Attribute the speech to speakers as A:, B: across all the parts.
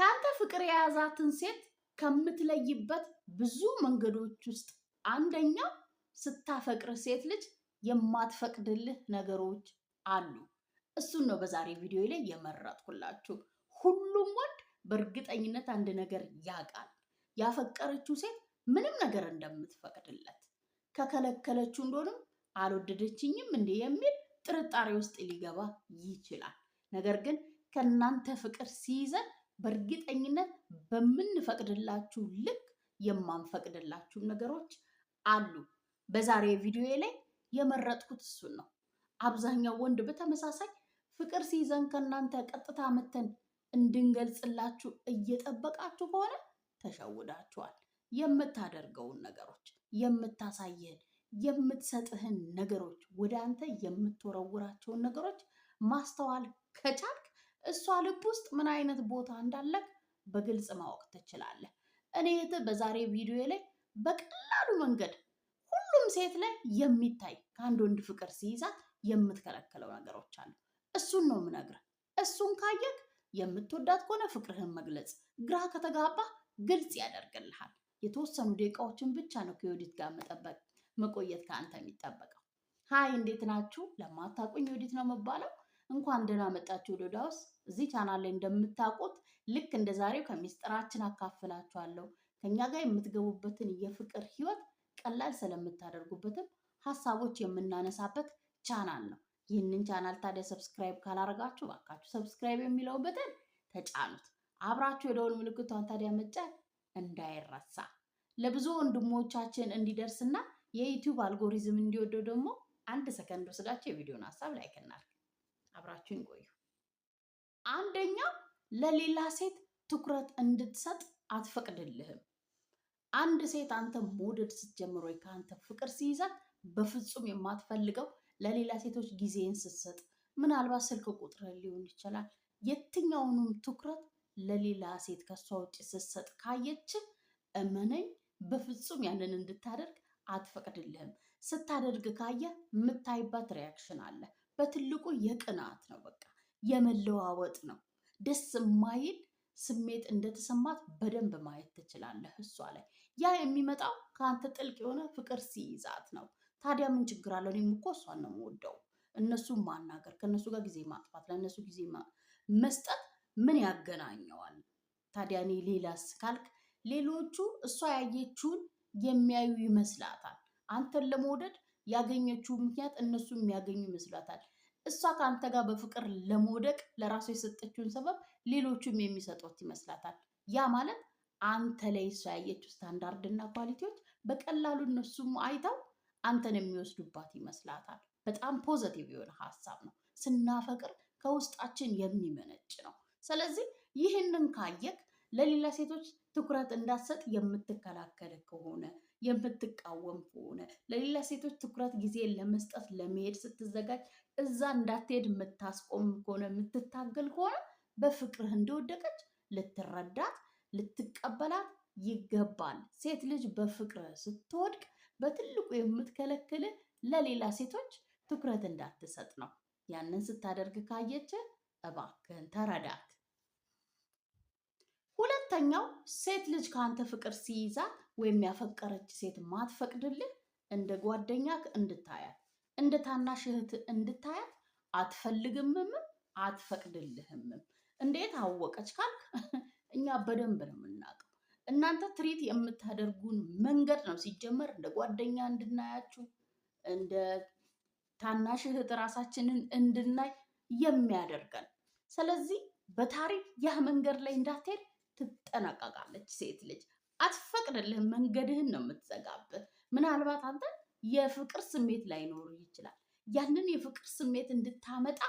A: ከአንተ ፍቅር የያዛትን ሴት ከምትለይበት ብዙ መንገዶች ውስጥ አንደኛው ስታፈቅር ሴት ልጅ የማትፈቅድልህ ነገሮች አሉ። እሱን ነው በዛሬ ቪዲዮ ላይ የመረጥኩላችሁ። ሁሉም ወንድ በእርግጠኝነት አንድ ነገር ያውቃል፣ ያፈቀረችው ሴት ምንም ነገር እንደምትፈቅድለት ከከለከለችው እንደሆንም አልወደደችኝም እንዴ የሚል ጥርጣሬ ውስጥ ሊገባ ይችላል። ነገር ግን ከእናንተ ፍቅር ሲይዘን በእርግጠኝነት በምንፈቅድላችሁ ልክ የማንፈቅድላችሁ ነገሮች አሉ። በዛሬ ቪዲዮ ላይ የመረጥኩት እሱን ነው። አብዛኛው ወንድ በተመሳሳይ ፍቅር ሲይዘን ከእናንተ ቀጥታ መተን እንድንገልጽላችሁ እየጠበቃችሁ ከሆነ ተሸውዳችኋል። የምታደርገውን ነገሮች፣ የምታሳየን፣ የምትሰጥህን ነገሮች፣ ወደ አንተ የምትወረውራቸውን ነገሮች ማስተዋል ከቻልክ እሷ ልብ ውስጥ ምን አይነት ቦታ እንዳለህ በግልጽ ማወቅ ትችላለህ። እኔ በዛሬ ቪዲዮ ላይ በቀላሉ መንገድ ሁሉም ሴት ላይ የሚታይ ከአንድ ወንድ ፍቅር ሲይዛት የምትከለክለው ነገሮች አሉ። እሱን ነው የምነግርህ። እሱን ካየ የምትወዳት ከሆነ ፍቅርህን መግለጽ፣ ግራ ከተጋባ ግልጽ ያደርግልሃል። የተወሰኑ ደቂቃዎችን ብቻ ነው ከዮዲት ጋር መጠበቅ መቆየት ከአንተ የሚጠበቀው። ሀይ፣ እንዴት ናችሁ? ለማታቁኝ ዮዲት ነው የምባለው። እንኳን ደህና መጣችሁ ዮድ ሃውስ እዚህ ቻናል ላይ እንደምታውቁት ልክ እንደ ዛሬው ከሚስጥራችን አካፍላችኋለሁ። ከኛ ጋር የምትገቡበትን የፍቅር ህይወት ቀላል ስለምታደርጉበትም ሀሳቦች የምናነሳበት ቻናል ነው። ይህንን ቻናል ታዲያ ሰብስክራይብ ካላረጋችሁ ባካችሁ ሰብስክራይብ የሚለው በተን ተጫኑት። አብራችሁ የደወል ምልክቷን ታዲያ መጫን እንዳይረሳ ለብዙ ወንድሞቻችን እንዲደርስና የዩቲዩብ አልጎሪዝም እንዲወደው ደግሞ አንድ ሰከንድ ወስዳቸው የቪዲዮን ሀሳብ ላይክ እናድርግ። አብራችሁን ቆዩ። አንደኛ ለሌላ ሴት ትኩረት እንድትሰጥ አትፈቅድልህም። አንድ ሴት አንተ መውደድ ስትጀምር ወይ ከአንተ ፍቅር ሲይዛት በፍጹም የማትፈልገው ለሌላ ሴቶች ጊዜን ስትሰጥ፣ ምናልባት ስልክ ቁጥር ሊሆን ይችላል። የትኛውንም ትኩረት ለሌላ ሴት ከሷ ውጭ ስትሰጥ ካየች እመነኝ፣ በፍጹም ያንን እንድታደርግ አትፈቅድልህም። ስታደርግ ካየ የምታይባት ሪያክሽን አለ። በትልቁ የቅናት ነው በቃ የመለዋወጥ ነው። ደስ የማይል ስሜት እንደተሰማት በደንብ ማየት ትችላለህ እሷ ላይ። ያ የሚመጣው ከአንተ ጥልቅ የሆነ ፍቅር ሲይዛት ነው። ታዲያ ምን ችግር አለው? እኔም እኮ እሷን ነው የምወደው። እነሱ ማናገር፣ ከእነሱ ጋር ጊዜ ማጥፋት፣ ለእነሱ ጊዜ መስጠት ምን ያገናኘዋል? ታዲያ እኔ ሌላስ ካልክ ሌሎቹ እሷ ያየችውን የሚያዩ ይመስላታል። አንተን ለመውደድ ያገኘችው ምክንያት እነሱ የሚያገኙ ይመስላታል። እሷ ከአንተ ጋር በፍቅር ለመውደቅ ለራሱ የሰጠችውን ሰበብ ሌሎቹም የሚሰጡት ይመስላታል። ያ ማለት አንተ ላይ እሷ ያየችው ስታንዳርድና ኳሊቲዎች በቀላሉ እነሱም አይተው አንተን የሚወስዱባት ይመስላታል። በጣም ፖዘቲቭ የሆነ ሀሳብ ነው። ስናፈቅር ከውስጣችን የሚመነጭ ነው። ስለዚህ ይህንን ካየክ ለሌላ ሴቶች ትኩረት እንዳትሰጥ የምትከላከል ከሆነ የምትቃወም ከሆነ ለሌላ ሴቶች ትኩረት ጊዜ ለመስጠት ለመሄድ ስትዘጋጅ እዛ እንዳትሄድ የምታስቆም ከሆነ የምትታገል ከሆነ በፍቅርህ እንደወደቀች ልትረዳት ልትቀበላት ይገባል። ሴት ልጅ በፍቅርህ ስትወድቅ በትልቁ የምትከለክልህ ለሌላ ሴቶች ትኩረት እንዳትሰጥ ነው። ያንን ስታደርግ ካየች እባክህን ተረዳት። ሁለተኛው ሴት ልጅ ከአንተ ፍቅር ሲይዛት ወይም ያፈቀረች ሴት ማትፈቅድልህ እንደ ጓደኛክ እንድታያት እንደ ታናሽ እህት እንድታያት አትፈልግምም አትፈቅድልህምም። እንዴት አወቀች ካልክ እኛ በደንብ ነው የምናውቀው። እናንተ ትሪት የምታደርጉን መንገድ ነው ሲጀመር እንደ ጓደኛ እንድናያችሁ እንደ ታናሽ እህት ራሳችንን እንድናይ የሚያደርገን። ስለዚህ በታሪክ ያ መንገድ ላይ እንዳትሄድ ትጠነቀቃለች ሴት ልጅ። አትፈቅድልህም። መንገድህን ነው የምትዘጋብህ። ምናልባት አንተ የፍቅር ስሜት ላይኖር ይችላል። ያንን የፍቅር ስሜት እንድታመጣ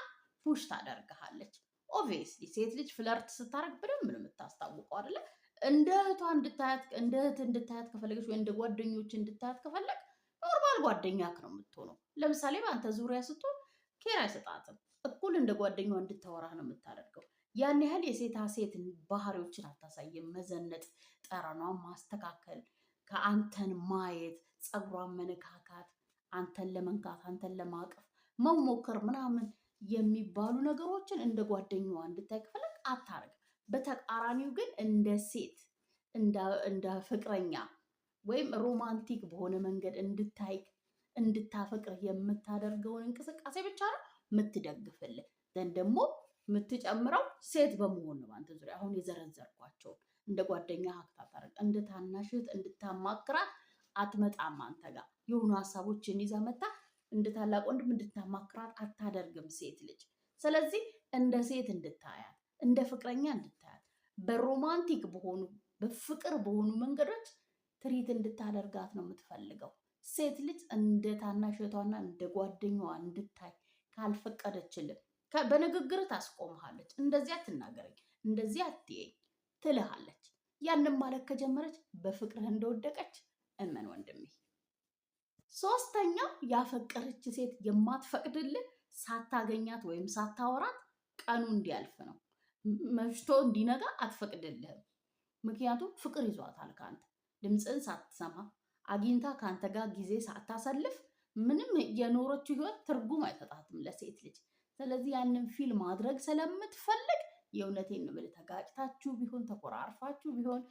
A: ፑሽ ታደርግሃለች። ኦብቪየስሊ ሴት ልጅ ፍለርት ስታደርግ በደንብ ነው የምታስታውቀው አይደለ? እንደ እህቷ እንድታያት እንደ እህት እንድታያት ከፈለገች ወይ እንደ ጓደኞች እንድታያት ከፈለግ ኖርማል ጓደኛክ ነው የምትሆነው። ለምሳሌ በአንተ ዙሪያ ስትሆን ኬር አይሰጣትም። እኩል እንደ ጓደኛ እንድታወራህ ነው የምታደርገው። ያን ያህል የሴታ ሴት ባህሪዎችን አታሳይም። መዘነጥ፣ ጠረኗን ማስተካከል፣ ከአንተን ማየት፣ ፀጉሯን መነካካት፣ አንተን ለመንካት፣ አንተን ለማቀፍ መሞከር ምናምን የሚባሉ ነገሮችን እንደ ጓደኛዋ እንድታይ ከፈለግ አታርግ። በተቃራኒው ግን እንደ ሴት እንደ ፍቅረኛ ወይም ሮማንቲክ በሆነ መንገድ እንድታይ እንድታፈቅርህ የምታደርገውን እንቅስቃሴ ብቻ ነው የምትደግፍልህ። ዘንድ ደግሞ የምትጨምረው ሴት በመሆን ነው። አንተ ዙሪያ አሁን የዘረዘርኳቸው እንደ ጓደኛ ሀብታት እንደ ታናሽት እንድታማክራት አትመጣም። አንተ ጋር የሆኑ ሀሳቦችን ይዛ መታ እንደ ታላቅ ወንድም እንድታማክራት አታደርግም ሴት ልጅ። ስለዚህ እንደ ሴት እንድታያት፣ እንደ ፍቅረኛ እንድታያት፣ በሮማንቲክ በሆኑ በፍቅር በሆኑ መንገዶች ትሪት እንድታደርጋት ነው የምትፈልገው። ሴት ልጅ እንደ ታናሽቷና እንደ ጓደኛዋ እንድታይ ካልፈቀደችልን በንግግር ታስቆምሃለች። እንደዚህ አትናገረኝ፣ እንደዚህ አትየኝ ትልሃለች። ያንን ማለት ከጀመረች በፍቅርህ እንደወደቀች እመን ወንድሜ። ሶስተኛው ያፈቀረች ሴት የማትፈቅድልህ ሳታገኛት ወይም ሳታወራት ቀኑ እንዲያልፍ ነው። መሽቶ እንዲነጋ አትፈቅድልህም። ምክንያቱም ፍቅር ይዟታል ከአንተ ድምፅን ሳትሰማ አግኝታ ከአንተ ጋር ጊዜ ሳታሰልፍ ምንም የኖረችው ህይወት ትርጉም አይሰጣትም ለሴት ልጅ። ስለዚህ ያንን ፊል ማድረግ ስለምትፈልግ የእውነቴን ነው ተጋጭታችሁ ቢሆን ተኮራርፋችሁ ቢሆን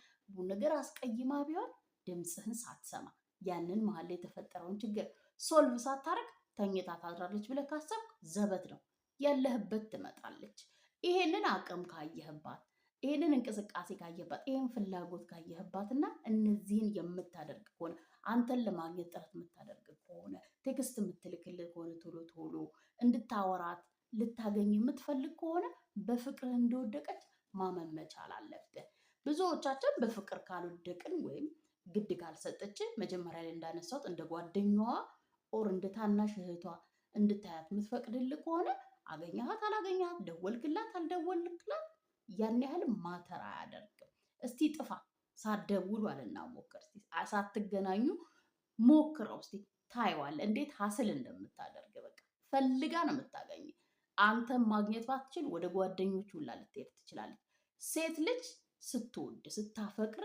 A: ነገር አስቀይማ ቢሆን ድምፅህን ሳትሰማ ያንን መሀል ላይ የተፈጠረውን ችግር ሶልቭ ሳታረግ ተኝታ ታድራለች ብለህ ካሰብክ ዘበት ነው። ያለህበት ትመጣለች። ይሄንን አቅም ካየህባት፣ ይሄንን እንቅስቃሴ ካየህባት፣ ይሄን ፍላጎት ካየህባት እና እነዚህን የምታደርግ ከሆነ አንተን ለማግኘት ጥረት የምታደርግ ከሆነ ቴክስት የምትልክልህ ከሆነ ቶሎ ቶሎ እንድታወራት ልታገኝ የምትፈልግ ከሆነ በፍቅር እንደወደቀች ማመን መቻል አለብን ብዙዎቻችን በፍቅር ካልወደቅን ወይም ግድ ካልሰጠችን መጀመሪያ ላይ እንዳነሳሁት እንደ ጓደኛዋ ኦር እንደ ታናሽ እህቷ እንድታያት የምትፈቅድልህ ከሆነ አገኘሃት አላገኘሃት፣ ደወልክላት አልደወልክላት ያን ያህል ማተር አያደርግም። እስቲ ጥፋ ሳትደውሉ አልና ሞክር፣ ሳትገናኙ ሞክረው እስቲ እንዴት ሀስል እንደምታደርግ። በቃ ፈልጋ ነው የምታገኝ። አንተን ማግኘት ባትችል ወደ ጓደኞች ሁላ ልትሄድ ትችላለች። ሴት ልጅ ስትወድ ስታፈቅር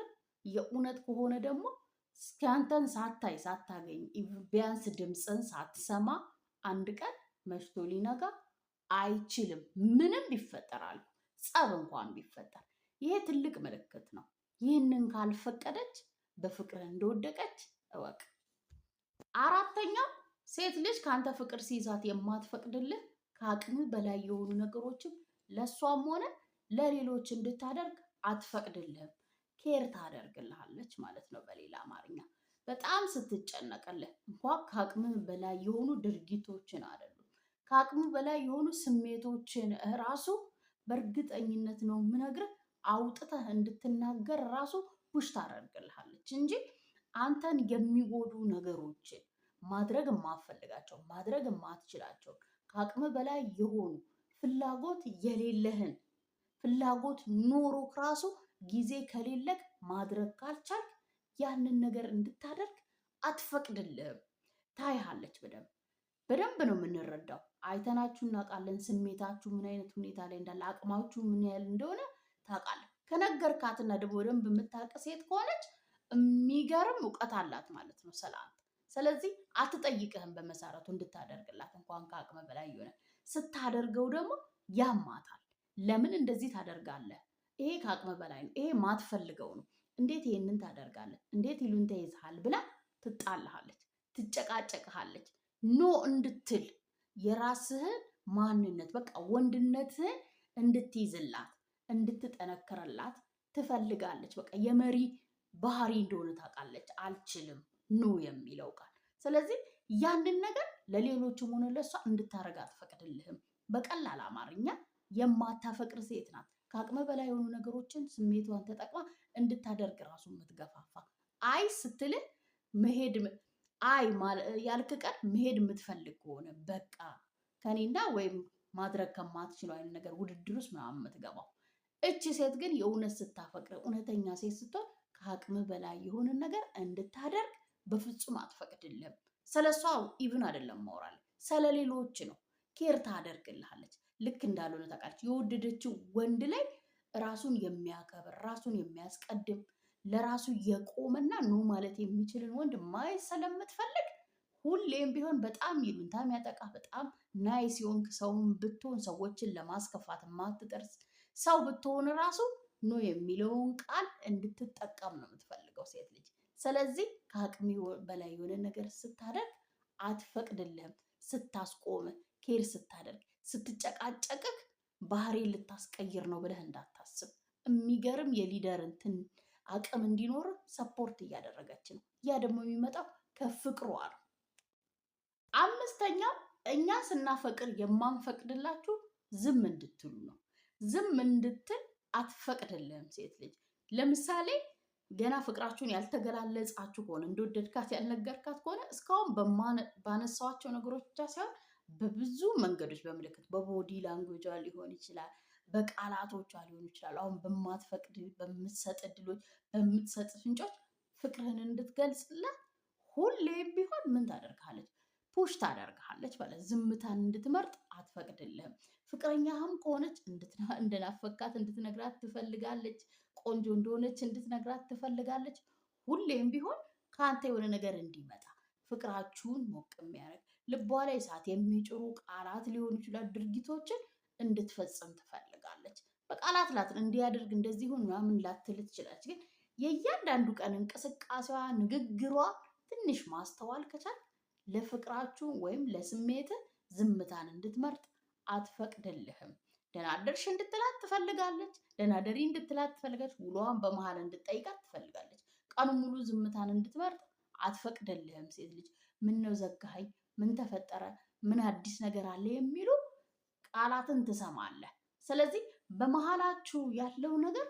A: የእውነት ከሆነ ደግሞ እስከአንተን ሳታይ ሳታገኝ ቢያንስ ድምፅን ሳትሰማ አንድ ቀን መሽቶ ሊነጋ አይችልም። ምንም ይፈጠራሉ ጸብ እንኳን ቢፈጠር ይሄ ትልቅ ምልክት ነው። ይህንን ካልፈቀደች በፍቅር እንደወደቀች እወቅ። አራተኛ ሴት ልጅ ከአንተ ፍቅር ሲይዛት የማትፈቅድልህ ከአቅም በላይ የሆኑ ነገሮችን ለእሷም ሆነ ለሌሎች እንድታደርግ አትፈቅድልህም። ኬር ታደርግልሃለች ማለት ነው በሌላ አማርኛ። በጣም ስትጨነቅልህ እንኳ ከአቅም በላይ የሆኑ ድርጊቶችን አይደሉም ከአቅም በላይ የሆኑ ስሜቶችን ራሱ በእርግጠኝነት ነው የምነግርህ አውጥተህ እንድትናገር ራሱ ውሽ ታደርግልሃለች እንጂ አንተን የሚጎዱ ነገሮችን ማድረግ የማፈልጋቸው ማድረግ የማትችላቸው ከአቅም በላይ የሆኑ ፍላጎት የሌለህን ፍላጎት ኖሮክ ራሱ ጊዜ ከሌለክ ማድረግ ካልቻልክ ያንን ነገር እንድታደርግ አትፈቅድልህም። ታይሃለች በደንብ በደንብ ነው የምንረዳው። አይተናችሁ እናውቃለን። ስሜታችሁ ምን አይነት ሁኔታ ላይ እንዳለ አቅማችሁ ምን ያህል እንደሆነ ታውቃለህ። ከነገርካትና ደግሞ በደንብ የምታውቅ ሴት ከሆነች የሚገርም እውቀት አላት ማለት ነው ሰላም? ስለዚህ አትጠይቅህም በመሰረቱ እንድታደርግላት እንኳን ከአቅመ በላይ የሆነ ስታደርገው ደግሞ ያማታል። ለምን እንደዚህ ታደርጋለህ? ይሄ ከአቅመ በላይ ነው፣ ይሄ ማትፈልገው ነው፣ እንዴት ይሄንን ታደርጋለህ? እንዴት ይሉን ተይዝሃል? ብላ ትጣልሃለች፣ ትጨቃጨቅሃለች። ኖ እንድትል የራስህን ማንነት በቃ ወንድነትህን እንድትይዝላት እንድትጠነክርላት ትፈልጋለች። በቃ የመሪ ባህሪ እንደሆነ ታውቃለች። አልችልም ኑ የሚለው ቃል። ስለዚህ ያንድን ነገር ለሌሎችም ሆነ ለእሷ እንድታደረግ አትፈቅድልህም። በቀላል አማርኛ የማታፈቅር ሴት ናት። ከአቅመ በላይ የሆኑ ነገሮችን ስሜቷን ተጠቅማ እንድታደርግ ራሱ የምትገፋፋ አይ ስትልህ መሄድ አይ ያልክ ቀን መሄድ የምትፈልግ ከሆነ በቃ ከኔና ወይም ማድረግ ከማትችለው አይነት ነገር ውድድር ውስጥ ምናምን የምትገባው እቺ ሴት ግን የእውነት ስታፈቅር እውነተኛ ሴት ስትሆን ከአቅም በላይ የሆንን ነገር እንድታደርግ በፍጹም አትፈቅድልህም። ስለ እሷ ኢቭን አይደለም ማውራል፣ ስለ ሌሎች ነው። ኬር ታደርግልሃለች። ልክ እንዳልሆነ ታውቃለች። የወደደችው ወንድ ላይ ራሱን የሚያከብር ራሱን የሚያስቀድም ለራሱ የቆመና ኖ ማለት የሚችልን ወንድ ማየት ስለምትፈልግ ሁሌም ቢሆን በጣም ይሉንታ የሚያጠቃ በጣም ናይስ የሆንክ ሰውን ብትሆን ሰዎችን ለማስከፋት ማትጠርስ ሰው ብትሆን ራሱ ኖ የሚለውን ቃል እንድትጠቀም ነው የምትፈልገው ሴት ልጅ። ስለዚህ ከአቅሚ በላይ የሆነ ነገር ስታደርግ አትፈቅድልህም። ስታስቆም ኬር ስታደርግ ስትጨቃጨቅህ ባህሪ ልታስቀይር ነው ብለህ እንዳታስብ። የሚገርም የሊደር እንትን አቅም እንዲኖር ሰፖርት እያደረገች ነው። ያ ደግሞ የሚመጣው ከፍቅሯ ነው። አምስተኛው እኛ ስናፈቅር የማንፈቅድላችሁ ዝም እንድትሉ ነው። ዝም እንድትል አትፈቅድልህም ሴት ልጅ ለምሳሌ ገና ፍቅራችሁን ያልተገላለጻችሁ ከሆነ እንደወደድካት ያልነገርካት ከሆነ እስካሁን ባነሳዋቸው ነገሮች ብቻ ሳይሆን በብዙ መንገዶች በምልክት በቦዲ ላንጉጇ ሊሆን ይችላል፣ በቃላቶቿ ሊሆን ይችላል። አሁን በማትፈቅድ በምትሰጥ እድሎች፣ በምትሰጥ ፍንጮች ፍቅርህን እንድትገልጽላት ሁሌም ቢሆን ምን ታደርጋለች? ፑሽ ታደርግሃለች ማለት ዝምታን እንድትመርጥ አትፈቅድልህም። ፍቅረኛህም ከሆነች እንደናፈካት እንድትነግራት ትፈልጋለች። ቆንጆ እንደሆነች እንድትነግራት ትፈልጋለች። ሁሌም ቢሆን ከአንተ የሆነ ነገር እንዲመጣ ፍቅራችሁን ሞቅ የሚያደርግ ልቧ ላይ እሳት የሚጭሩ ቃላት ሊሆኑ ይችላል፣ ድርጊቶችን እንድትፈጽም ትፈልጋለች። በቃላት ላትን እንዲያደርግ እንደዚህ ሁን ምናምን ላትል ትችላለች። ግን የእያንዳንዱ ቀን እንቅስቃሴዋ፣ ንግግሯ ትንሽ ማስተዋል ከቻል ለፍቅራችሁ ወይም ለስሜት ዝምታን እንድትመርጥ አትፈቅድልህም። ደናደርሽ እንድትላት ትፈልጋለች። ደናደሪ እንድትላት ትፈልጋለች። ውሏን በመሃል እንድጠይቃት ትፈልጋለች። ቀኑ ሙሉ ዝምታን እንድትመርጥ አትፈቅድልህም። ሴት ልጅ ምን ነው ዘጋኸኝ፣ ምን ተፈጠረ፣ ምን አዲስ ነገር አለ የሚሉ ቃላትን ትሰማለህ። ስለዚህ በመሃላችሁ ያለው ነገር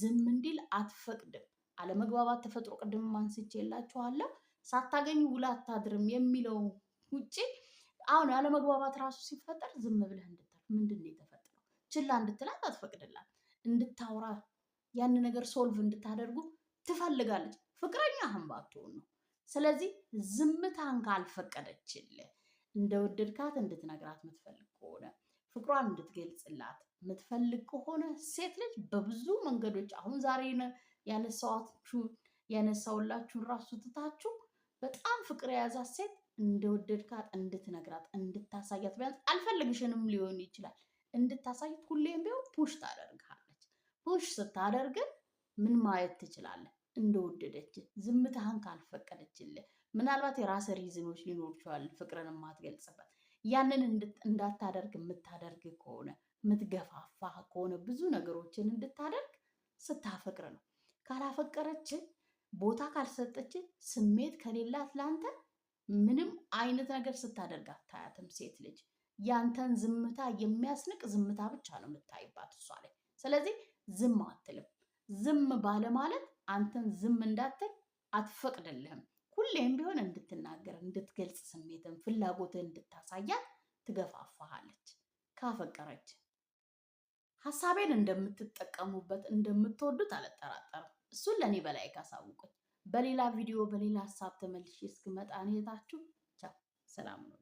A: ዝም እንዲል አትፈቅድም። አለመግባባት ተፈጥሮ ቅድም ማንስቼ የላችኋለሁ። ሳታገኝ ውላ አታድርም የሚለው ውጭ አሁን ያለመግባባት ራሱ ሲፈጠር ዝም ብለህ እንድታልፍ ምንድን ነው የተፈጠረው ችላ እንድትላት አትፈቅድላት። እንድታውራ ያን ነገር ሶልቭ እንድታደርጉ ትፈልጋለች። ፍቅረኛ ህንባትሆን ነው። ስለዚህ ዝምታን ካልፈቀደችል እንደ ወደድካት እንድትነግራት የምትፈልግ ከሆነ ፍቅሯን እንድትገልጽላት የምትፈልግ ከሆነ ሴት ልጅ በብዙ መንገዶች አሁን ዛሬ ያነሳዋችሁን ያነሳውላችሁን ራሱ ትታችሁ በጣም ፍቅር የያዛት ሴት እንደወደድካት እንድትነግራት እንድታሳያት፣ ቢያንስ አልፈልግሽንም ሊሆን ይችላል እንድታሳያት ሁሌም ቢሆን ፑሽ ታደርግሃለች። ፑሽ ስታደርግን ምን ማየት ትችላለህ? እንደወደደች ዝምታህን ካልፈቀደችልህ፣ ምናልባት የራስ ሪዝኖች ሊኖሩ ይችላል ፍቅርን የማትገልጽበት ያንን እንዳታደርግ የምታደርግ ከሆነ የምትገፋፋህ ከሆነ ብዙ ነገሮችን እንድታደርግ ስታፈቅር ነው። ካላፈቀረች ቦታ ካልሰጠች ስሜት ከሌላት ለአንተ ምንም አይነት ነገር ስታደርግ አታያትም። ሴት ልጅ ያንተን ዝምታ የሚያስንቅ ዝምታ ብቻ ነው የምታይባት እሷ ላይ። ስለዚህ ዝም አትልም። ዝም ባለማለት አንተን ዝም እንዳትል አትፈቅድልህም። ሁሌም ቢሆን እንድትናገር፣ እንድትገልጽ ስሜትን፣ ፍላጎትን እንድታሳያት ትገፋፋሃለች። ካፈቀረች ሀሳቤን እንደምትጠቀሙበት እንደምትወዱት አልጠራጠርም። እሱን ለእኔ በላይ ካሳውቁኝ በሌላ ቪዲዮ በሌላ ሀሳብ ተመልሼ እስክመጣ እኔ እህታችሁ ቻው፣ ሰላም ነው።